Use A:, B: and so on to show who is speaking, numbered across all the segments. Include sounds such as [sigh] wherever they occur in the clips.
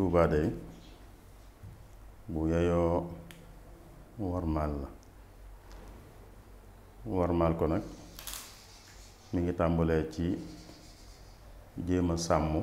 A: Tuubaa bu yeyoo warmaal la warmaal ko nag mu ngi tàmbalee ci jéem a sàmm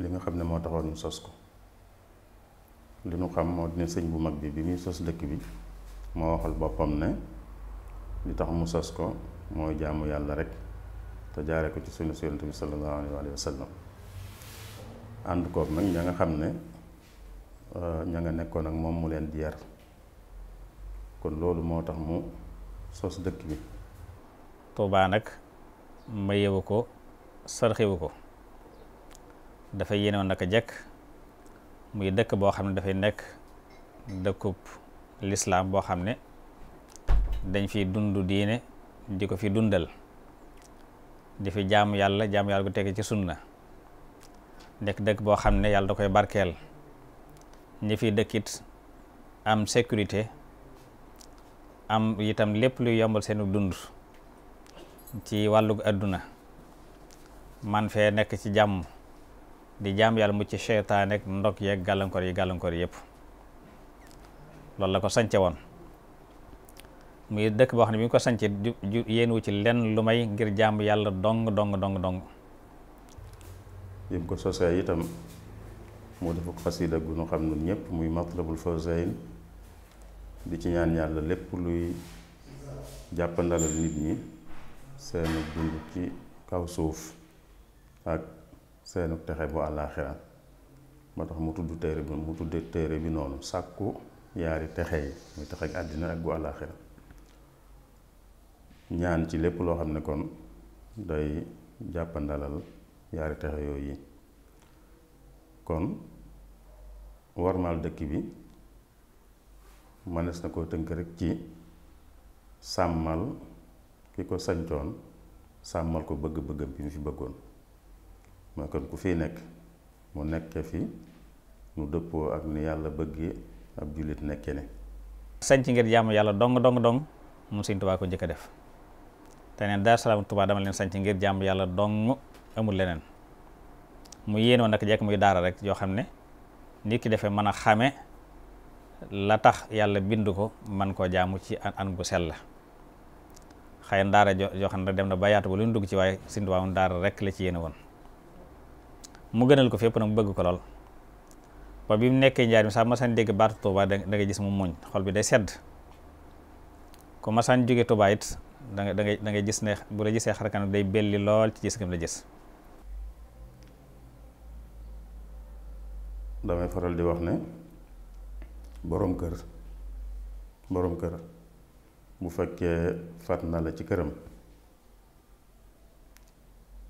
A: li nga xam ne moo taxoon ñu sos ko li nu xam moo dina sëñ bu mag bi bi muy sos dëkk bi moo waxal boppam ne li tax mu sos ko mooy jaamu yàlla rek te jaare ko ci sunna Yonent bi sallallahu alayhi wa ànd koog nag ña nga xam ne euh, ña nga nekkoon ak moom mu leen di yar kon loolu moo tax mu sos dëkk bi Tuubaa
B: nag mayewu ko sarxewu ko dafay yéenoon naka jekk muy dëkk boo xam ne dafay nekk dëkkub lislaam boo xam ne dañ fi dund diine di ko fi dundal di fi jaamu yàlla jaamu yàlla gu teg ci sunna nekk dëkk boo xam ne yàlla da koy barkeel ñi fi dëkkit am sécurité am itam lépp luy yombal seenu dund ci wàllug adduna man fee nekk ci jàmm di jàmm yàlla mucc seytaane ak ndog yeeg gàllankoor yi gàllankoor yëpp loolu la ko sance woon muy dëkk boo xam ne bi ñu ko sance yéen wu ci lenn lu may ngir jàmm yàlla dong dong dong dong
A: bi ko sosee itam moo def ak xasida gu nu xam nun ñëpp muy matlabul fawzayn di ci ñaan yàlla lépp luy jàppandalal nit ñi seenu dund ci kaw suuf ak seenu texe bu àllaaxira moo tax mu tudd téere bi tudde téere bi noonu sàkku yaari texe yi muy texe ak àddina ak bu àllaaxira ñaan ci lépp loo xam ne kon day jàppandalal ñaari ya, texe yooyu yi iya. kon warmal dëkk bi manes na koo tënk rek ci sàmmal ki ko sancoon sàmmal ko bëgg-bëggam bi mu fi bëggoon mooy kon ku fi nekk mu nekke fi nu dëppoo ak ni yàlla bëggee ab julit nekke ne sanc
B: ngeen jaamu yàlla dong dong dong mu Sëñ Tuubaa ko njëkk a def te dar salam Salaam dama leen sanc ngir jaamu yàlla dong amul leneen mu yéenoo nag jekk muy daara rek joo xam ne nit ki defee mën a xame la tax yàlla bind ko man koo jaamu ci an an bu sell la xay na daara joo xam ne dem na ba yaatu ba lu ñu dugg ci waaye Sëñ Tuubaa rek la ci yéene woon mu gënal ko fépp nag bëgg ko lool ba bi mu nekkee njaar mi sax masaan dégg baatu Tuubaa da ngay gis mu muñ xol bi day sedd ku masaan jóge Tuubaa danga da ngay gis ne bu la gisee xar kanam day belli lool ci gis ngam la gis
A: damay faral di wax ne boroom kër boroom kër bu fekkee fat na la ci këram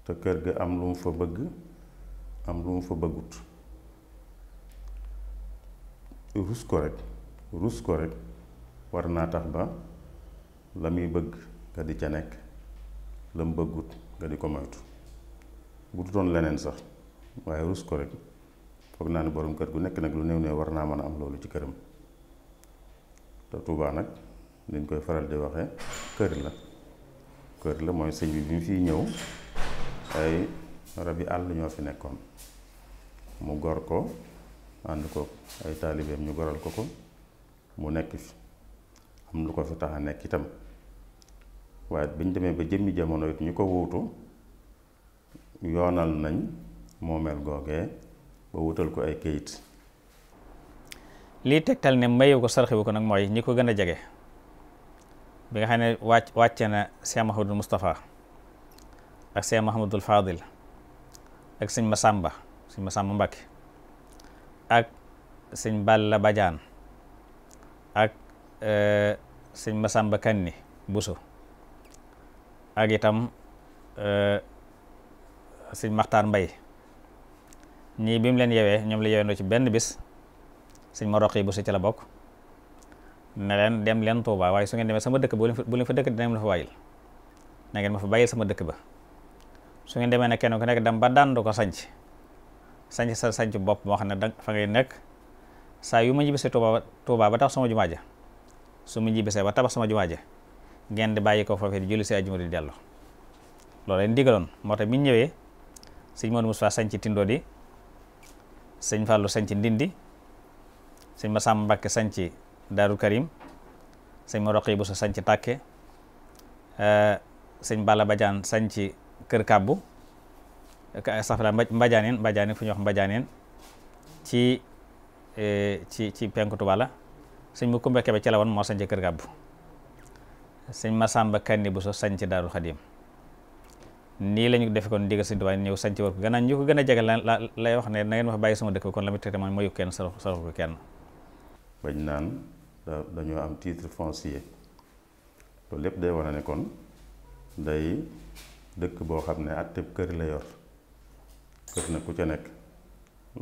A: te kër gi am lu mu fa bëgg am lu mu fa bëggut rus ko rekk rus ko rekk war naa tax ba la muy bëgg nga di ca nekk la mu bëggut nga di ko moytu bu dutoon leneen sax waaye rus ko rek foog naa ne boroom kër gu nekk nag lu néew néew war naa mën a am loolu ci këram te Tuubaa nag dañ koy faral di waxe kër la kër la mooy sëñ bi bi mu fiy ñëw ay rabi àll ñoo fi nekkoon mu gor ko ànd ko ay taalibeem ñu goral ko ko mu nekk fi am lu ko fi tax a nekk itam waaye bi ñu demee ba jëmmi jamono it ñu ko wuutu yoonal nañ moomeel googee ba wutal ko ay kayit lii tegtal ne mayewu ko ko nag mooy
B: ñi ko gën a jege bi nga xam ne wàcc wàcce na Cheikh Mahamadul Moustapha ak Cheikh Mahamadul Fadil ak sëñ Masamba sëñ Masamba ak sëñ Balla bajaan ak euh, sëñ Masamba Kanni Bousso ak itam euh, sëñ Maxtaar Mbay ni bim len yewé ñom ñoom la yewendoo ci benn bis sëñ ma bu si ci la bok ne len dem len Touba way su ngeen demé sama dëkk bu leen bu leen fa dëkk dinañ la fa wayil na ngeen ma fa bayil sama dëkk ba su ngeen demé ne kenn ko nek dam ba dandu ko sanc sanc sa sanc bopp moo xam da fa ngay nek sa yu ma ci Touba Touba ba tax sama jumaaja su ma ñibbisee ba tabax sama jumaaja ngeen di bayiko fofé di julli ci àjjuma di dellu lolé ndigalon motax mi ñëwé bi sëñ Fallou sanc Ndindi sam Massamba Mbacké ci daru Karim sëñ Moroqi Bousso sanc Tàkke eh, sëñ Balla Badiane sanc Kër Kàbbu safla Mbadianeen Mbadianeen fu ñuy wax Mbadianeen eh, ci ci ci penku Tuubaa la sëñ mu kumbe kebe ci la woon moo sanc Kër Kàbbu sëñ Massamba Kanni Bousso ci Daaru khadim nii la ñu defe kon ndigal si Tuubaa ñëw sanc war ko gannaaw ñu ko gën a jagal la lay wax ne na ngeen
A: wax bàyyi sama dëkk kon la muy traité mooy mayu kenn sarax sarax ko naan dañoo am foncier loolu lépp day wane ne kon day dëkk boo xam ne àtteb kër la yor kër na ku ca nekk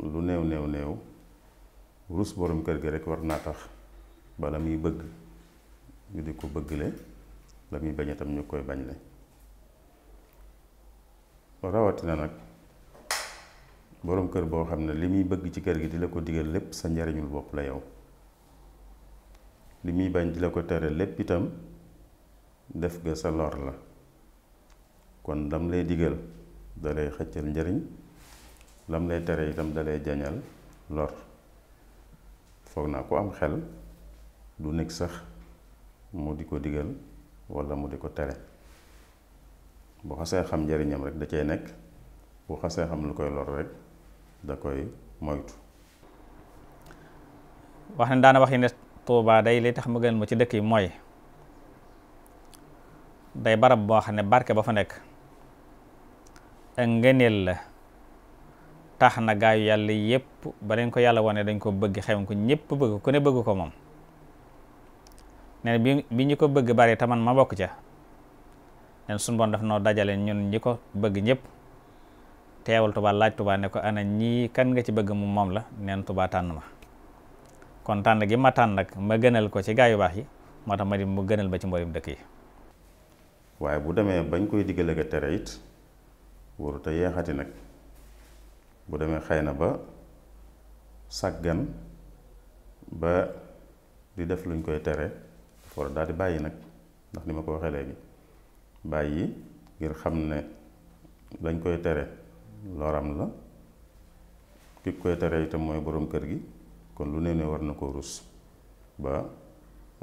A: lu néew néew néew rus kër gi rek war naa tax bala muy bëgg la muy bañ itam ñu koy bañ le rawatina nag boroom kër boo xam ne li muy bëgg ci kër gi di la ko digal lépp sa njariñul bopp la yow li muy bañ di la ko tere lépp itam def ga sa lor la kon dam lay digal da lay xëccal njariñ dam lay tere itam dalay jañal lor foog naa ku am xel du nekk sax mu di ko digal walla mu di ko tere bu xasee xam njariñam rek da cee nekk bu xasee xam lu koy lor rek da koy moytu
B: wax ne daana wax yi ne Tuubaa day li tax ma gën mu ci dëkk yi mooy day barab boo xam ne barke ba fa nekk ak ngëneel la tax na gaayu yàlla yépp ba dañ ko yàlla wane dañ ko bëgg xew ko ñépp bëgg ku ne bëgg ko moom nee bi bi ñu ko bëgg bari taman ma bokk ca nen sun bon daf noo dajale ñun ñiko bëgg ñëpp teewal tuba laaj tuba ne ko ana ñi kan nga ci bëgg mu mom la neen tuba tan ma kon tan gi ma tan nak ma gënal ko ci gaay yu baax yi motax ma di mu gënal ba ci mbolim dëkk yi
A: waye bu démé bañ koy diggale ak téré it ta yéxati nak bu démé xeyna ba saggan ba di def luñ koy tere for war daal di bayyi nak ndax nima ko waxé légui bàyyi ngir xam ne dañ koy tere looram la ki koy tere itam mooy boroom kër gi kon lu ne ne war na koo rus ba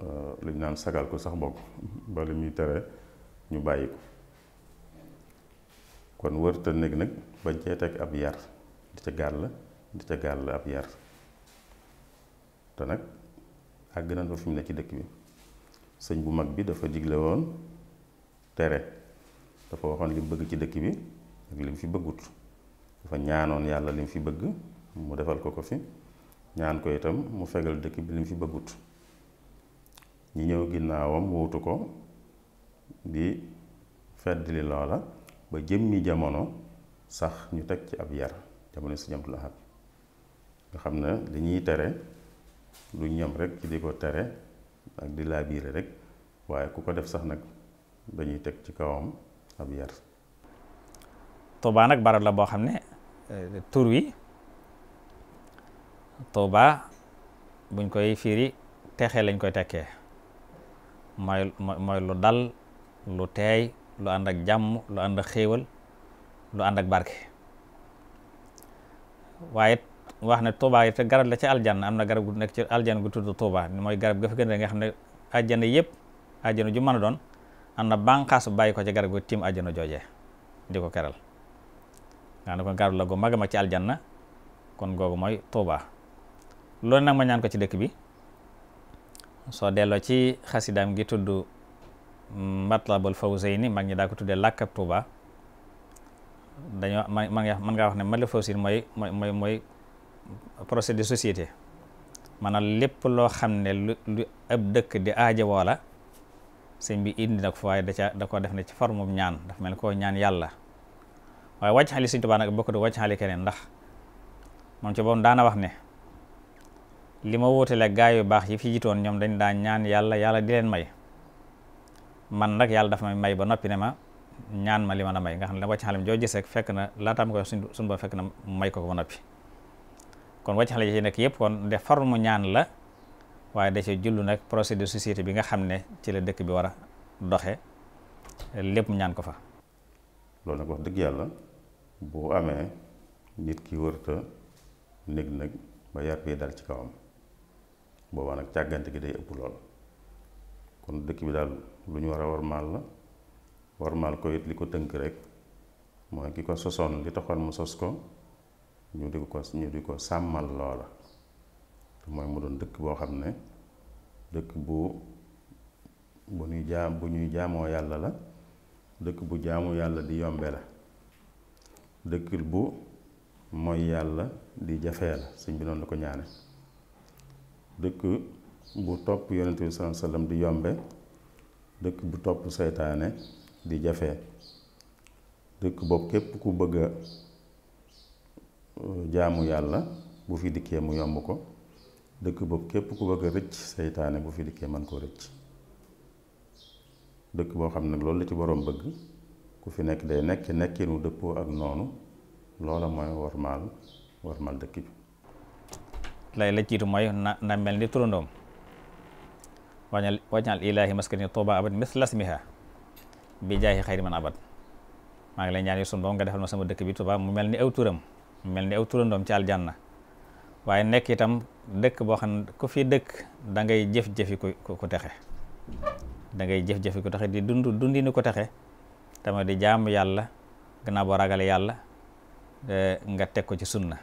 A: euh, li naan sagal ko sax bokk [laughs] ba li muy tere ñu bàyyi ko kon wërta nekk nag bañ cee teg ab yar di ca la di ca la ab yar te nag àgg na fa fi mu ne ci dëkk bi sëñ bu mag bi dafa digle woon tere dafa waxoon lim bëgg ci dëkk bi ak lim fi bëggut dafa ñaanoon yàlla lim fi bëgg mu defal ko ko fi ñaan ko itam mu fegal dëkk bi lim fi bëggut ñi ñëw ginnaawam wuutu ko di feddli loola ba jëmmi jamono sax ñu teg ci ab yar jamono si Abdul Ahad nga xam na li ñuy tere du ñam rek ci di ko tere ak di laabiire rek waaye ku ko def sax nag dañuy teg ci kawam ab yar Touba nag barab la boo xam ne eh, tur wi
B: Touba buñ koy fiiri texe lañ koy tekkee mooy mooy lu dal lu teey lu ànd ak jàmm lu ànd ak xéewal lu ànd ak barke waaye wax ne Touba it garab la ci aljanna am na garab gu nekk ci aljanna gu tudd Touba mooy garab ga fa gën a nga xam ne aljanna yëpp aljanna ju mën a doon anna bankas bayi ko jagara go tim aljana joje ndi ko nga ngana ko garu lago maga ma ci aljana kon gogo moy toba. Lo nak ma ñaan ko ci dekk bi so delo ci khasidam gi tuddu matlabul fawzaini mag ñi da ko tuddee làkkab touba dañoo man man nga wax ne mal fawzayni moy moy moy procès de société manal lepp lo xamne lu ab di aaje wala sëñ bi indi na ko fa waaye da ca da ko def ne ci forme ñaan daf mel koo ñaan yàlla waaye wàcc xali sëñ Tuubaa nag bokk du wàcc xali keneen ndax moom ci boobu daana wax ne li ma wóotale gaay yu baax yi fi jitoon ñoom dañ daan ñaan yàlla yàlla di leen may man nag yàlla dafa may may ba noppi ne ma ñaan ma li ma la may nga xam ne wàcc xalam joo gisee fekk na laataam ko suñ suñ ba fekk na may ko ko ba noppi kon wàcc xale yi nekk yëpp kon de forme ñaan la waye da cee jullu nak procès de société bi nga xamné ci la dëkk bi wara doxé doxe lépp ñaan ko fa
A: lool nak wax dëgg yalla boo amé nit ki wërta nek nag ba yar bi dal ci kawam boobaa nak càggante gi day ëpp lool kon dëkk bi dal lu ñu war mal la war mal ko yit liko ko rek moy kiko ko li taxon mu sos ko ñu diko ko ñu diko ko sàmmal loola mooy mu doon dëkk boo xam ne dëkk bu bu ñuy jaa bu ñuy jaamoo yàlla la dëkk bu jaamu yàlla di yombe la dëkk bu mooy yàlla di jafee la suñ bi noonu la ko ñaane dëkk bu topp yonente bi salaa sallam di yombe dëkk bu topp seytaane di jafee dëkk boobu képp ku bëgg uh, jaamu yàlla bu fi dikkee mu yomb ko dëkk boobu képp ku bëgg a rëcc seytaane bu fi dikkee man koo rëcc dëkk boo xam ne loolu la ci boroom bëgg ku fi nekk day nekk nekkinu dëppoo ak noonu loola mooy warmaal warmaal dëkk bi
B: lay la jiitu mooy na mel ni turandoom wañal wañal ilaahi maskani tooba abad mis lasmiha bi jaayi xayri man abad maa ngi lay ñaan yu sun boom nga defal ma sama dëkk bi Tuuba mu mel ni aw turam mu mel ni aw turandoom ci aljanna waaye nekk itam dëkk boo xam ne ku fi dëkk da ngay jëf-jëfi ku texe dangay jëf-jëfi ku texe di dund dundi ni ku texe tamit di jaamu yàlla gannaaw boo ragale yàlla e, nga teg ko ci sunna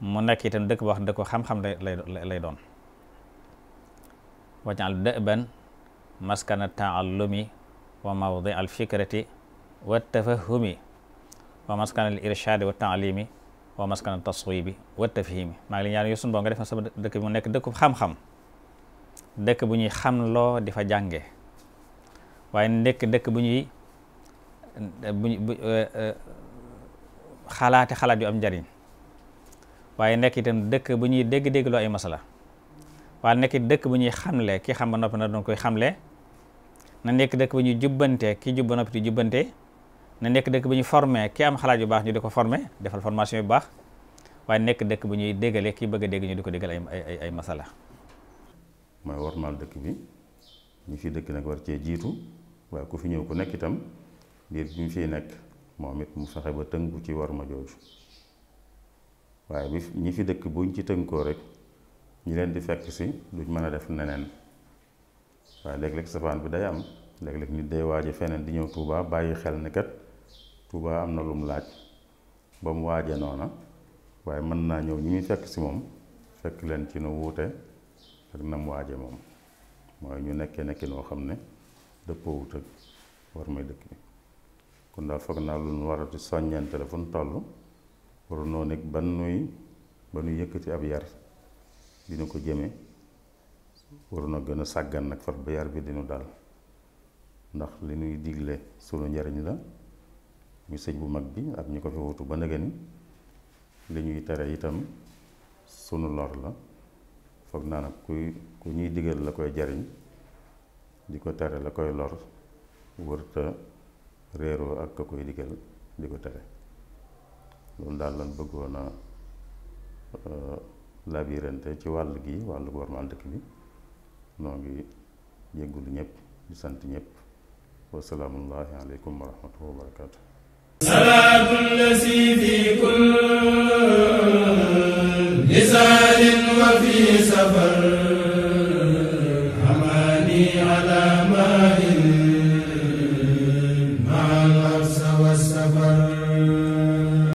B: mu nekk itam dëkk boo xam ne dëkk xam-xam lay lay doon wajal dëban maskana taallumi wa mawdi al fikrati wa tafahumi wa maskana irshadi wa taalimi wa maskana taswibi wa tafhimi ma ngi ñaan yu sunu boo nga def na sama dëkk bi mu xam-xam dekk bu ñuy xam di difa jànge waye nek dekk bu ñuy bu eh, eh, xalaati xalaat yu am jariñ waye nek itam dekk bu ñuy deg deg lo ay masala wa nek dekk bu ñuy xamle ki xam ba noppi na doon koy xamle na nek dekk bu ñuy jubante ki jubba jubante na nekk dëkk bu ñu formé ki am xalaat yu baax ñu di ko formé defal formation yu baax waaye
A: nekk dëkk bu ñuy déggale ki bëgg a dégg ñu di ko déggal ay ay ay masala. mooy wormaal dëkk bi ñu fi dëkk nag war cee jiitu waaye ku fi ñëw ku nekk itam diir bi mu fiy moom it mu fexe ba tënku ci worma jooju waaye bi ñu fi dëkk buñ ci tënkoo rek ñu leen di fekk si duñ mën a def neneen waaye léeg-léeg safaan bi day am léeg-léeg nit day waaje feneen di ñëw Tuubaa bàyyi xel ne Touba am na lu mu laaj ba mu waaje noona waaye mën naa ñëw ñu muy fekk ci moom fekk leen ci nu wuute ak na waaje moom mooy ñu nekkee nekki noo xam ne dëppoo wut ak war may dëkk bi kon daal foog naa lu nu warati soññante fu nu toll waru noo nekk ban nuy ba nu yëkkati ab yar dina ko jëme waru na gën a sàggan nag far ba yar bi dinu dal ndax li nuy digle sunu njariñ la muy sëñ bu mag bi ak ñi ko fi wutu ba nëgëni li ñuy tere itam sunu lor la foog naa nag kuy ku ñuy digal la koy jariñ di ko tere la koy lor wërta réeroo ak ka koy digal di ko tere loolu daal lan bëggoon a euh, labirante ci wàll gi wàllu gormaal dëkk bi noo ngi jéggulu ñëpp di sant ñëpp wasalaamullahi aleykum wa wa barakaatu salaatu